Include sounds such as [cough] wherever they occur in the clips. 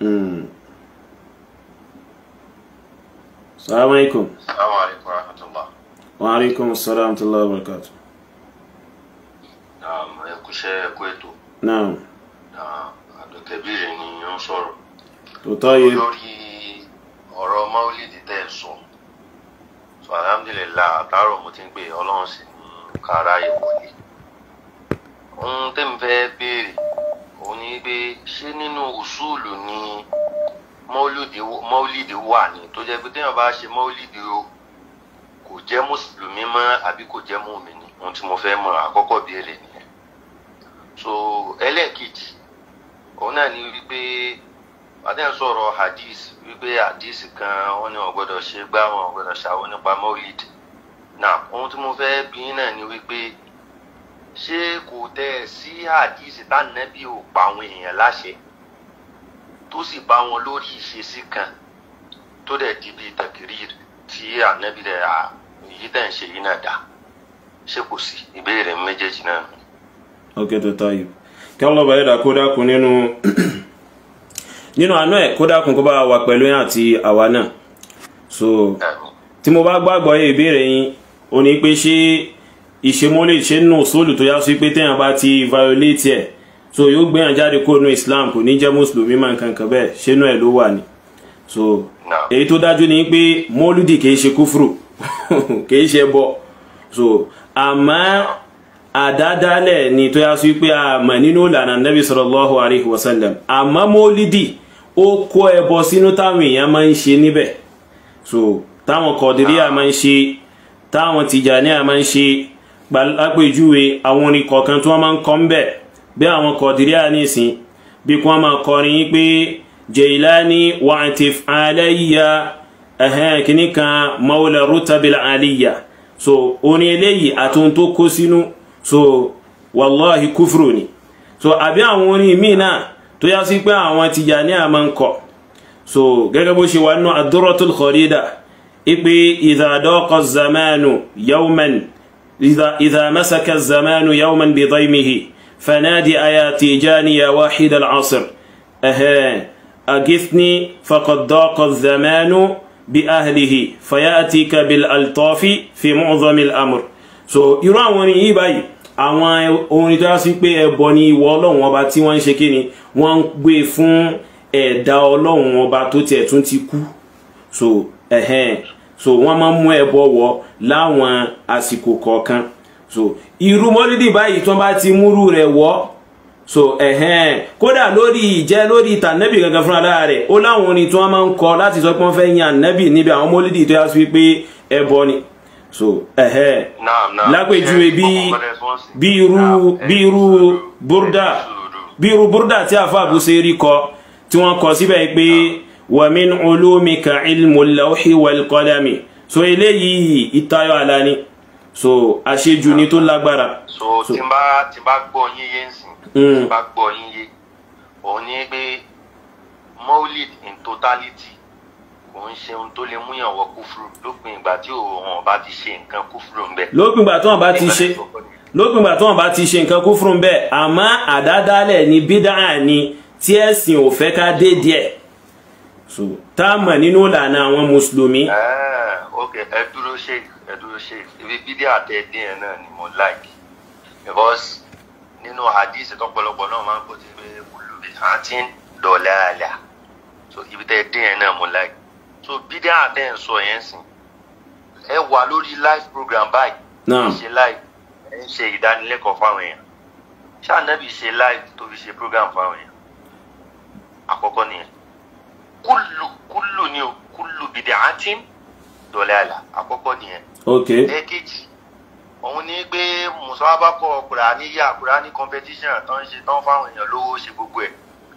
Mm. Assalamu alaikum. Assalamu alaikum wa rahmatullah. Wa alaikum assalam wa rahmatullah wa barakatuh. Naam, ẹ kúṣẹ́ kwetu. Naam. Naam, Abdul Kabir ni ó ń Tòótọ́ yìí. Olórí ọ̀rọ̀ Maulidi tẹ́ ẹ sọ. So alhamdulillah àtàrọ̀ mo ti ń pè Ọlọ́run sì ní kára ìwọlé. Ohun tẹ́mi fẹ́ béèrè òun ni pé ṣé nínú usulu ni mọ́lìdì wà ní tó jẹ́ pé téèyàn bá ṣe mọ́lìdì o kò jẹ́ mùsùlùmí mọ́ àbí kò jẹ́ mùmíní ohun tí mo fẹ́ mọ̀ àkọ́kọ́ bí ẹlẹ́ nìyẹn so ẹlẹ́ẹ̀kejì òun náà ni wípé adéhùn sọ̀rọ̀ hadith wípé hadith kan wọ́n ní wọ́n gbọ́dọ̀ ṣe gbá wọn gbọ́dọ̀ ṣàwọn nípa mọ́lìdì náà ohun tí mo fẹ́ bí náà ni wípé ṣé kò tẹ́ ẹ sí àdìsí tánàbí ò pa àwọn èèyàn láṣẹ tó sì bá wọn lórí ìṣesí kan tó dẹ̀ di bíi tàkìrí tí ànábì rẹ̀ èyí tẹ̀ ń ṣe yìí náà dá ṣé kò sí ìbéèrè méjèèjì náà. ok tó tọ́ yìí kí ọlọ́ba yẹ̀dá kó dákun nínú [clears throat] nínú àánú ẹ̀ kó dákun kó bá wà pẹ̀lú yẹn àti àwa náà so tí mo bá gbàgbọ́ ìbéèrè yín o ní pé ṣé ìṣemọ́lé ìṣẹ́nù sóòlù tó yá sí pé téèyàn bá ti violate ẹ̀ so yóò gbéyàn jáde kó nu islam kò ní jẹ́ mùsùlùmí máa ń kankan bẹ́ẹ̀ ṣẹ́nu ẹ̀ ló wà ní. so èyí tó dájú ni pé mọ́lúdì kìí ṣe kúfùrù [laughs] kìí ṣe bọ so àmọ́ àdádálẹ̀ ni tó yá sí pé àmọ́ nínú ìlànà nabi sallallahu alayhi wa sallam àmọ́ mọ́lúdì ó kó ẹbọ sínú táwọn èèyàn máa ń ṣe níbẹ̀ so táwọn kọ̀dìríà máa ń ṣe táwọn tìjàníà lápèjúwe àwọn orin kọ̀ọ̀kan tí wọ́n máa ń kọ́ ń bẹ̀ bí àwọn kọ̀dìríà nìsín bí kí wọ́n máa kọrin yín pé Jailani wa'atif alayya ẹ̀hẹ́n kìíní kan mawla rutabil aliyya so orin eléyìí àti ohun tó kó sínú so wàláhi kúfúrò ni so àbí àwọn orin míì náà tó yá sí pé àwọn Tijani àmọ́ ń kọ̀ so gẹ́gẹ́ bó ṣe wà nínú ad-Durratul Kharida ipe idha zamanu yawman إذا, إذا مسك الزمان يوما بضيمه فنادي أيا تيجاني يا واحد العصر أها أجثني فقد ضاق الزمان بأهله فيأتيك بالألطاف في معظم الأمر so irú àwọn yìí báyìí àwọn orin tó yá sí pé ẹbọ ni ìwọ ọlọ́run ọba tí wọ́n ń ṣe kí ni wọ́n ń gbé fún ẹ̀dá ọlọ́run ọba tó tiẹ̀ tún ti kú so ẹ̀hẹ́n so wọ́n máa ń mú ẹbọ wọ láwọn àsìkò kọ̀ọ̀kan so irú mọ́lídì báyìí tí wọ́n bá ti múrú rẹ̀ wọ́ so ẹ̀hẹ́n kódà lórí ìjẹ́ lórí ìtàn nẹ́bì gangan fúnra lára rẹ̀ ó láwọn orin tí wọ́n máa ń kọ láti sọ pé wọ́n fẹ́ yan nẹ́bì níbi àwọn mọ́lídì tó yà sí pé ẹbọ ni so ẹ̀hẹ́n lápèjúwe bí bí irú bí irú búrúdà bí irú búrúdà tí àfa àbúṣe rí kọ tí wọ́n kọ síbẹ̀ pé wa min ulumika ilmu lawhi wal qalami so eléyìí ìtayọ àlá ni so àṣejù ni tó lágbára. so tí n bá tí n bá gbọ́ yín yé nsìn mm. tí n bá gbọ́ yín yé òun ni pé maulid in totality kò ń ṣe ohun tó lè mú yàn wọ kúfúrú lópin ìgbà tí òun bá ti ṣe nǹkan kúfúrú ń bẹ. lópin ìgbà tí wọn bá ti ṣe lópin ìgbà tí wọn bá ti ṣe nǹkan kúfúrú ń bẹ àmọ́ àdádálẹ̀ ni bídáà ni tí ẹ̀sìn ò fẹ́ ká dé díẹ̀ so tá a mọ̀ nínú ìlànà àwọn mùsùlùmí. Ah, ok ẹ dúró ṣe ẹ dúró ṣe ibi bídíà tẹ dín ẹ náà ni mo like because nínú hadith tọ̀pọ̀lọpọ̀ náà máa ń gbọ́ sí pé olùbí àti dọ̀làlà so ibi tẹ dín ẹ náà mo like so bídíà tẹ ń sọ yẹn sìn ẹ wà lórí live program báyìí ẹ ṣe live ẹ ń ṣe ìdánilẹ́kọ̀ọ́ fáwọn èèyàn ṣáà náà ṣe live tó fi ṣe program fáwọn èèyàn àkọ́kọ́ nìyẹn kulu kulu ni o kúlù bìdẹ àti dọlẹ́àlà àkọ́kọ́ nìyẹn. ok ẹ̀kejì òun ní pé mùsàlábàkọ kùránì yà kùránì competition tó ń ṣe tán fáwọn èèyàn lówó ṣe gbogbo ẹ̀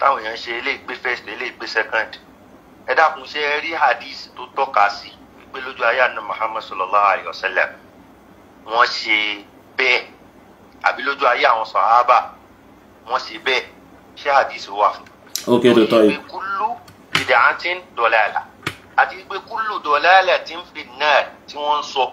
táwọn èèyàn ṣe eléyìí gbé first eléyìí gbé second ẹ dákun ṣe rí hadith tó tọ́ka sí pé lójú ayé àná Muhammad sallallahu alayhi wa sallam wọ́n ṣe bẹ́ẹ̀ àbí lójú ayé àwọn sàhábà wọ́n ṣe bẹ́ẹ̀ ṣé hadith wà ok tó tọ́ yìí bid'atin dọ̀làlà àti pé kúlù dọ̀làlà ti ń fi náà tí wọ́n ń sọ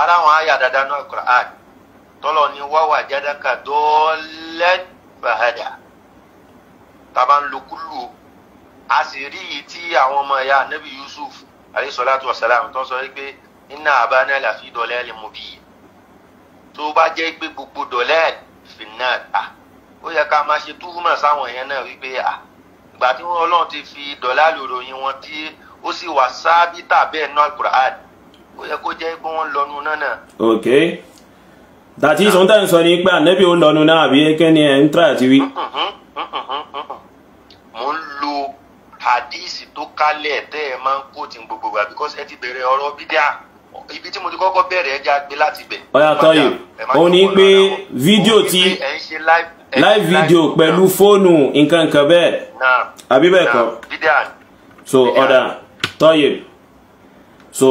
ara wọn àyà dáadáa náà Qur'an tọ́lọ̀ ni wáwà jádàkà dọ́ọ̀lẹ́ fàhádà tàbá ń lo kúlù a sì rí i tí àwọn ọmọ ẹ̀yà nabi Yusuf alayhi salatu wa salam tó sọ pé inna abana lafi dọ̀lẹ́lì mubin tó bá jẹ́ pé gbogbo dọ̀lẹ́lì fi náà ta ó yẹ ká máa ṣe túhùmọ̀ sáwọn yẹn náà wípé à gbà tí wọn Ọlọ́run ti fi dọlà lòròyìn wọn tí ó sì wà sábìtà bẹ́ẹ̀ náà Quran ó yẹ kó jẹ́ pé wọn lọnu náà náà. ok dàtí sọ́ńtà ń sọ ní pé ànábì ó lọnu náà àbí kẹ́ni ẹ̀ ń tra àti wí. mo ń lo hadisi tó kálẹ̀ tẹ́ ẹ máa ń kó tí gbogbo wa because ẹ ti bẹ̀rẹ̀ ọ̀rọ̀ bídíà ibi tí mo ti kọ́kọ́ bẹ̀rẹ̀ ẹ já gbé láti bẹ̀. ọ̀yà tọ́yì ó ní pé fídíò tí. ẹ ń ṣe live live video pẹ̀lú fóònù nǹkan kan bẹ́ẹ̀ àbí bẹ́ẹ̀ kọ́ so ọ̀dà tọ́yè so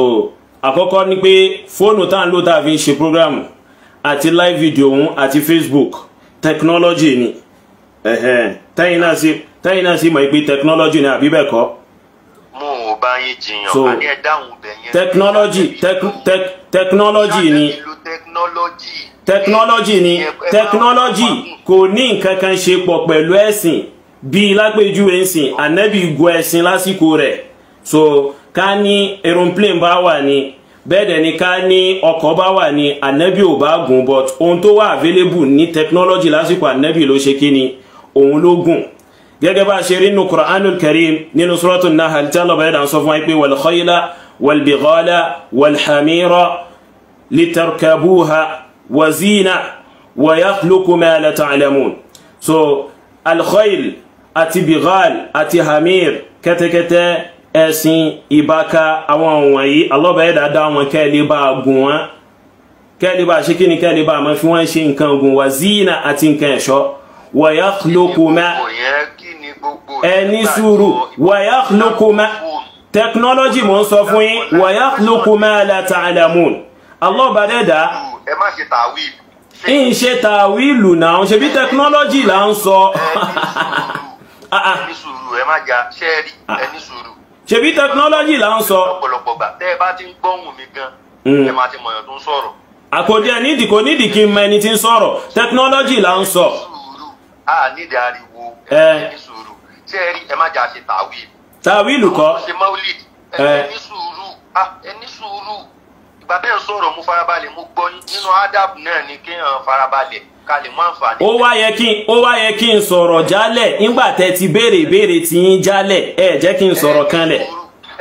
àkọ́kọ́ ni pé fóònù tá à ń lò tá a fi ń ṣe program àti live video òun àti Facebook technology ni tẹ́yìn náà sí tẹ́yìn náà sí mọ̀ pé technology ni àbí bẹ́ẹ̀ kọ́ so, technology tec tec technology ni. Technology ni technology kò ní nǹkan kan ṣe pọ̀ pẹ̀lú ẹ̀sìn bíi lápèjúwe ẹ̀sìn ànábì gu ẹ̀sìn lásìkò rẹ̀ so ká ní aeroplane bá wà ní bẹ́ẹ̀ dẹ̀ ni ká ní ọkọ̀ bá wà ní ànábì ò bá gùn but ohun tó wà available ní tẹkinọ́lọ́jì lásìkò ànábì ló ṣe kí ni òun ló gùn gẹ́gẹ́ bá a ṣe rí nínú Qur'anul Karim nínú Suratul Nahl tí Allah bá yẹ sọ fún wa pé wal khayla wal bighala wal hamira litarkabuha wazina wa yakhluqu ma la ta'lamun so alkhoil àti bighal àti hamir kẹ́tẹ́kẹ́tẹ́ ẹṣin ìbáka àwọn wọ̀nyí alọ́bàáyẹ̀dá dá wọn kẹ́lẹ́ bá gùn wọn kẹ́lẹ́ bá ṣe kíni kẹ́lẹ́ bá máa fi wọ́n ṣe nǹkan gùn wazina àti nǹkan ẹ̀ṣọ́ wa yakhluqu ma ẹni sùúrù wa yakhluqu ma technology mò ń sọ fún wa yakhluqu ma la ta'lamun alọ́bàáyẹ̀dá ẹ má ṣe tàwíìlù. ń ṣe tàwíìlù náà ṣebí tẹkinọ́lọ́jì là ń sọ. ẹni ah, ah. sùúrù ẹ má jà ṣẹ́ẹ̀rì ẹni ah. sùúrù. ṣebí tẹkinọ́lọ́jì là ń sọ. ọ̀pọ̀lọpọ̀ gbà tẹ́ ẹ bá ti ń gbọ́hùn mi gan hmm. ẹ má ti mọ̀yàn tó ń sọ̀rọ̀. àkòdì ẹ̀ nídìí kò nídìí kí n mọ ẹni tí ń sọ̀rọ̀ tẹkinọ́lọ́jì là ń sọ. ẹni sùúrù ṣẹ́ẹ̀rì ẹ má jà ṣe tàwíìlù. tàwíìlù kọ́ ẹni sùúrù mo farabalẹ̀ mo gbọ́ nínú adab náà ni kéèyàn farabalẹ̀ ká lè mọ àǹfààní. ó wá yẹ kí ó wá yẹ kí n sọ̀rọ̀ jálẹ̀ nígbà tẹ́ ti béèrè ìbéèrè tí yín jálẹ̀ ẹ jẹ́ kí n sọ̀rọ̀ kanlẹ̀.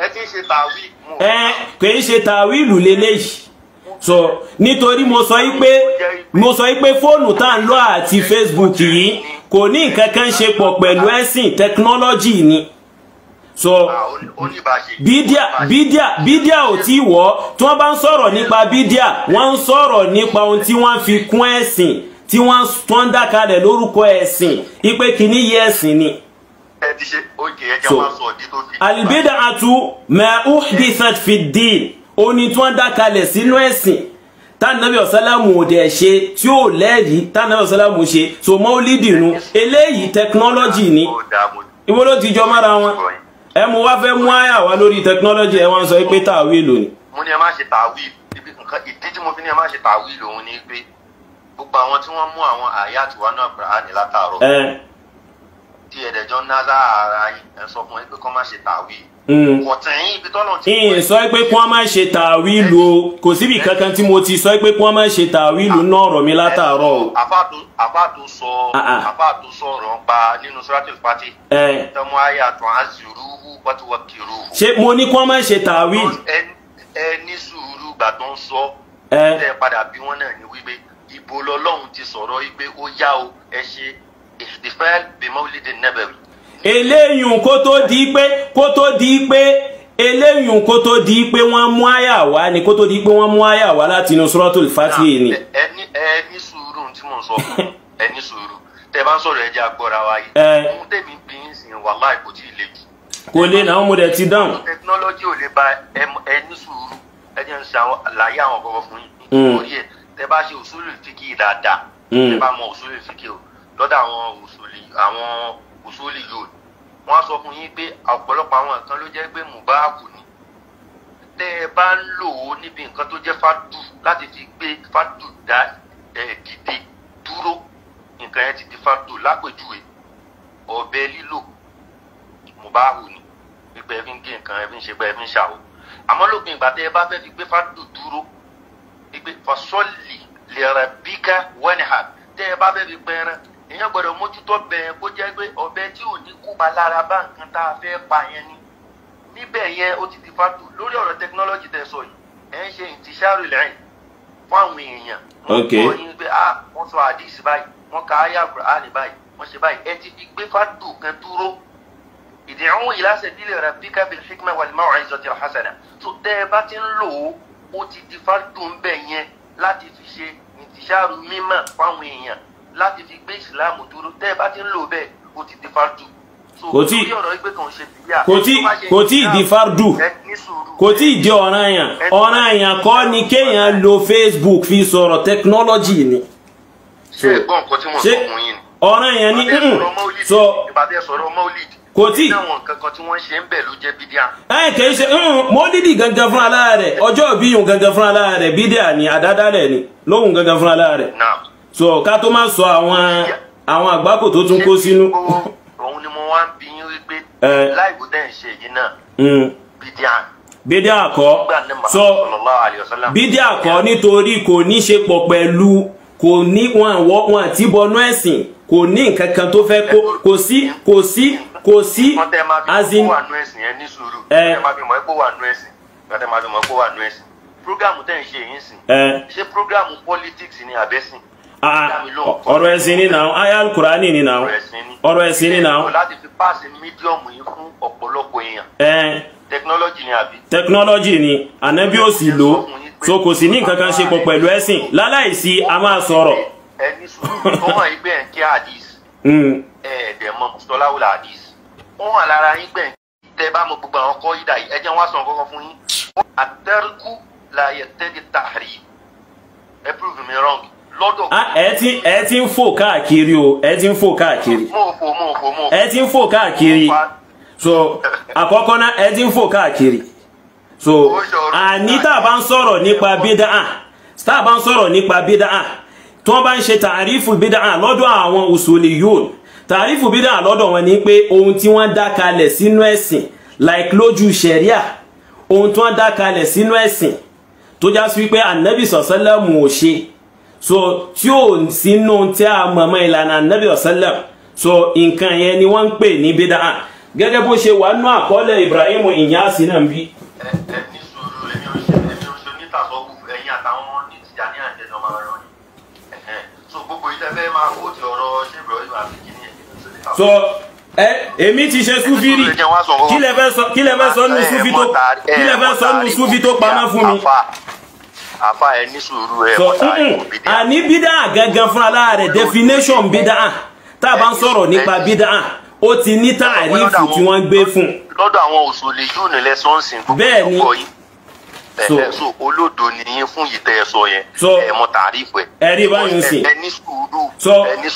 ẹ ti ṣe tàwíìlù. ẹ kì í ṣe tàwíìlù leléyìí so nítorí mo sọ yí pé mo sọ yí pé fóònù tá à ń lọ àti Facebook yìí kò ní nǹkan kan ṣe pọ̀ pẹ̀lú ẹ̀sìn tẹkinọ́lọ́jì ni so bidia bidia bidia ò tí wọ́ tí wọ́n bá ń sọ̀rọ̀ nípa bídíà wọ́n ń sọ̀rọ̀ nípa ohun tí wọ́n fi kún ẹ̀sìn tí wọ́n tán dákalẹ̀ lórúkọ ẹ̀sìn ipe kìíní yẹ ẹ̀sìn ni. so alibeda atu mẹ uhdithat fi din oni tí wọ́n dákalẹ̀ sínú ẹ̀sìn tánàbí ọ̀sálámù òdẹ̀ ṣe tí ó lẹ́rìí tánàbí ọ̀sálámù ṣe so mọ́ ó lídìí nu eléyìí tẹkinọ́lọ́jì ni ìwọ́n ló ti jọ mára wọn ẹ mo wá fẹ́ mú àyà wá lórí technology ẹ wá ń sọ pé tàwíìlù ni. mo ní ẹ má ṣe tàwíìlù ibi nǹkan ìdí tí mo fi ní ẹ má ṣe tàwíìlù òun ni pé gbogbo àwọn tí wọ́n mú àwọn àyà àtiwá náà gbà á ní látàárọ̀ tí ẹ̀dẹ̀jọ́ ń láàárọ̀ ayé ẹ sọ fún ẹ pé kọ́ má ṣe tàwíìlù ìyìn hmm. sọ pé kí wọ́n má ṣe tàwílù o kò síbi kankan tí mo ti sọ pé kí wọ́n má ṣe tàwílù náà ọ̀rọ̀ mi látàárọ̀ o. àfáàtò sọ ah, ah. àfáàtò sọ ọ̀rọ̀ ń pa nínú suratul Fatih. tọmọ ayé àtọ̀ á sì rúhu wọ́tíwọ́ kìrú. ṣé mo ní kí wọ́n má ṣe tàwílù. ẹ sùúrù gbà tó ń sọ ẹ padà bí wọn náà ní wípé ibo lọlọ́run ti sọ̀rọ̀ wípé ó yá o ẹ ṣe ìfẹ́ bímọ eléyìn kó tó di pé kó tó di pé eléyìn kó tó di pé wọ́n mú àyà wá ni kó tó di pé wọ́n mú àyà wá láti inú suratul Fatiha ni. ẹni ẹni sùúrù tí mò ń sọ fún ẹni sùúrù tẹ bá ń sọ̀rọ̀ ẹjẹ agbọra wa yìí ohun tèmi bí yín sìn wàhálà kò tí ì le jù. kò lè náà mo dẹ̀ ti dáhùn. tẹkinọ́lọ́jì ò lè ba ẹni sùúrù ẹni ń ṣe àlàyé àwọn ọ̀gọ́gọ́ fún yín. Mm. orí ẹ tẹ bá ṣe usulul fiqh dáadáa mm. tẹ bá mọ usulul fiqh o lọ́dọ̀ àwọn òṣèlú àwọn usoli yòòd wọ́n á sọ fún yín pé ọ̀pọ̀lọpọ̀ àwọn nǹkan ló jẹ́ pé mubarak ni tẹ́ ẹ bá ń lò ó níbi nǹkan tó jẹ́ fatu láti fi gbé fatu dá ẹ̀ dìde dúró nǹkan yẹn ti di fatu lápèjúwe ọ̀bẹ lílò mubarak ni gbígbẹ ẹ fi ń gé nǹkan ẹ fi ń ṣe gbẹ ẹ fi ń ṣàwò àmọ́ lópin ìgbà tẹ́ ẹ bá fẹ́ fi gbé fatu dúró gbígbé fasọ́lì lẹ́rẹ̀ bíkà wẹ́nìhà tẹ́ ẹ bá fẹ́ fi pẹ́ẹ́rẹ́ èèyàn gbọ́dọ̀ mójútó bẹ́ẹ̀ kó ìpalára bá nǹkan tá a fẹ́ pa yẹn ni níbẹ̀ yẹn ó ti di fatu lórí ọ̀rọ̀ tẹkinọ́lọ́jì tẹ̀ sọ yìí ẹ̀ ń ṣe ìtìṣàrò lẹ́yìn fún àwọn èèyàn wọ́n kọ́ yín pé ah wọ́n sọ àdìsí báyìí wọ́n ka ayé àgùrán báyìí wọ́n ṣe báyìí ẹ ti fi gbé fatu kan dúró ìdíhùn ìlàsẹ̀ dílé rẹ̀ bíkà bil hikma wal maw'izati hasana tó tẹ́ ẹ bá ti ń lò ó ó ti di fatu ń bẹ̀ yẹn láti fi ṣe ìtìṣàrò mímọ̀ fáwọn èèyàn láti fi gbé ìsìláàmù dúró tẹ́ ẹ bá ti ń lò bẹ́ẹ̀ ó ti di fatu kò tí kò tí kò tí di fardu kò tí di ọ̀ràn yẹn ọ̀ràn kọ́ ni kéèyàn lo facebook fi sọ̀rọ̀ technology ni. ṣé ẹ̀gbọ́n nǹkan tí mo sọ fún yín ni. ni so kò tí. àwọn nǹkan kan tí wọ́n ṣe ń bẹ̀ ló jẹ́ bídíà. ẹ kì í ṣe mọ́lídì gangan fún aláàrẹ̀ ọjọ́ ìbí yòó gangan fún aláàrẹ̀ bídíà ni àdádálẹ̀ ni lóhùn gangan fún aláàrẹ̀. so ká tó má sọ àwọn àwọn àgbákò tó tún kó sínú láìpù tẹ́ ń ṣe yìí náà mm. bídíà bídíà kọ́ so bídíà kọ́ nítorí kò ní ṣe pọ̀ pẹ̀lú kò ní wọn àwọ̀ wọn àti bọnú ẹ̀sìn kò ní nǹkan kan tó fẹ́ kó kò sí kò sí kò sí azin program programu tẹ́ ń ṣe yìí sìn ṣé programu politics ni àbẹ́sìn. Ah, ah, ọ̀rọ̀ ẹ̀sìn ni náà àyá alukurani ni náà ọ̀rọ̀ ẹ̀sìn ni náà. láti fi páàsì mídíọ̀mù yìí fún ọ̀pọ̀lọpọ̀ èèyàn. tẹkinọ́lọ́jì ni àbí. tẹkinọ́lọ́jì ni ànábì ò sì lò so kò sì ní nǹkan kan ṣe pọ̀ pẹ̀lú ẹ̀sìn láláìsí a máa sọ̀rọ̀. ẹni sùúrù tó wà ibẹ̀ ń kí àdìs ẹ̀ẹ́dẹ̀mọ́ mùsùlọ́láwùlà àdìs wọ́n wà lára yín gbẹ̀ tẹ bá mọ gbogbo àwọn kọ́ yídà yìí ẹ jẹ́ wọ́n kọ́kọ́ fún yín. àtẹ́rùkù la yẹ tẹ́lẹ̀ tààrí ẹ prove me wrong lọ́dọ̀. Ah, ẹ ti ẹ ti ń fò káàkiri o ẹ ti ń fò káàkiri. mo fò mo fò mo. ẹ ti ń fò káàkiri so àkọ́kọ́ náà ẹ ti ń fò káàkiri so àní tá a bá ń sọ̀rọ̀ nípa bídà á tá a bá ń sọ̀rọ̀ nípa bídà á tí wọ́n bá ń ṣe tàrífù bídà á lọ́dọ̀ àwọn usuliyun tàrífù bídà á lọ́dọ̀ wọn ni pé ohun tí wọ́n dá kalẹ̀ sínú ẹ̀sìn like lójú sẹ̀ríà ohun tí wọ́n dá kalẹ̀ sínú ẹ̀sìn tó já sí wípé ànábì sọ̀sẹ́lẹ̀mù ò ṣe so tí ò sínú tí a mọ̀mọ́ ìlànà anabi ọ̀sẹ́lẹ̀ so nǹkan yẹn ni wọ́n ń pè ní bídà án gẹ́gẹ́ bó ṣe wà nú àkọọ́lẹ̀ Ibrahim Inyasi náà ń bí. so èmi ti ṣe súfìrì kí lè fẹ́ sọ nù súfì tó pamọ́ fún mi àfa ẹ ní sùúrù ẹ wọ́n ní bídà. àní bídà gangan fúnra lára rẹ̀ definition bídà tá a bá ń sọ̀rọ̀ nípa bídà ó ti ní tààrífù tí wọ́n ń gbé fún. lọ́dọ̀ àwọn òṣòlè yóò nílẹ̀ sọ́ọ̀sìn gbogbo ọkọ̀ yìí so olódo ni yín fún yìí tẹ ẹ sọ yẹn ẹ mọ tàrífù ẹ. ẹrí báyìí ń sìn ẹni sùúrù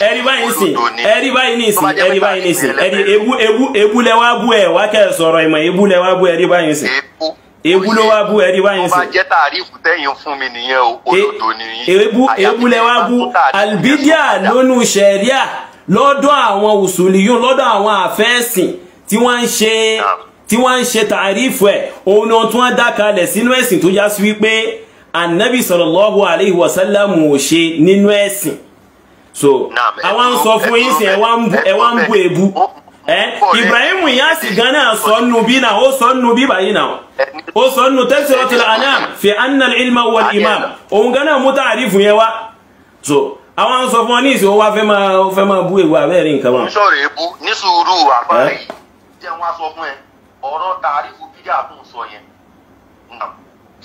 ẹrí báyìí ń sìn ẹrí báyìí ń sìn ẹrí báyìí ń sìn ẹrí ebu ebu ebu lẹ wá bú ẹ wá kẹ sọ̀rọ̀ ìmọ̀ ebu lẹ wá bú ẹrí báyìí ń sìn. ebu ewu ló wá bú ẹni wáyé sí. mo máa jẹ́ tàrífù fún mi nìyẹn òdodo nìyí. ewu ewu lẹ wá bú albidia lónú sẹ̀ríà lọ́dọ̀ àwọn òṣùlìyún lọ́dọ̀ àwọn àfẹ́sìn tí wọ́n ń ṣe tí wọ́n ń ṣe tàrífù ẹ̀ òun náà tí wọ́n dá kalẹ̀ sínú ẹ̀sìn tó já sí wípé anabi sallallahu alayhi wa sallam ò ṣe nínú ẹ̀sìn so àwa ń sọ fún yín sí ẹ̀ wá ń bu èébú. Eh, ibrahim yasi gana sọnù bí náà ó sọnù bí báyìí náà ó sọnù tafsiratul anam fi anna ilma wal imam òun gana mú tààrífù yẹn wá so àwọn sọ fún ọ ní ìsìn ó wá fẹ́ máa fẹ́ máa bú ewu abẹ́rẹ́ nǹkan wọn. nísòrò ebu ní sùúrù àbáyé eh? jẹ́ wọn sọ fún ẹ ọ̀rọ̀ tààrífù bídà tó ń sọ yẹn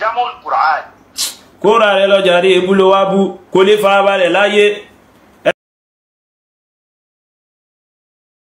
jamul qur'an. kóra rẹ lọ jàre ebu ló wá bú kó lè fara balẹ̀ láyé.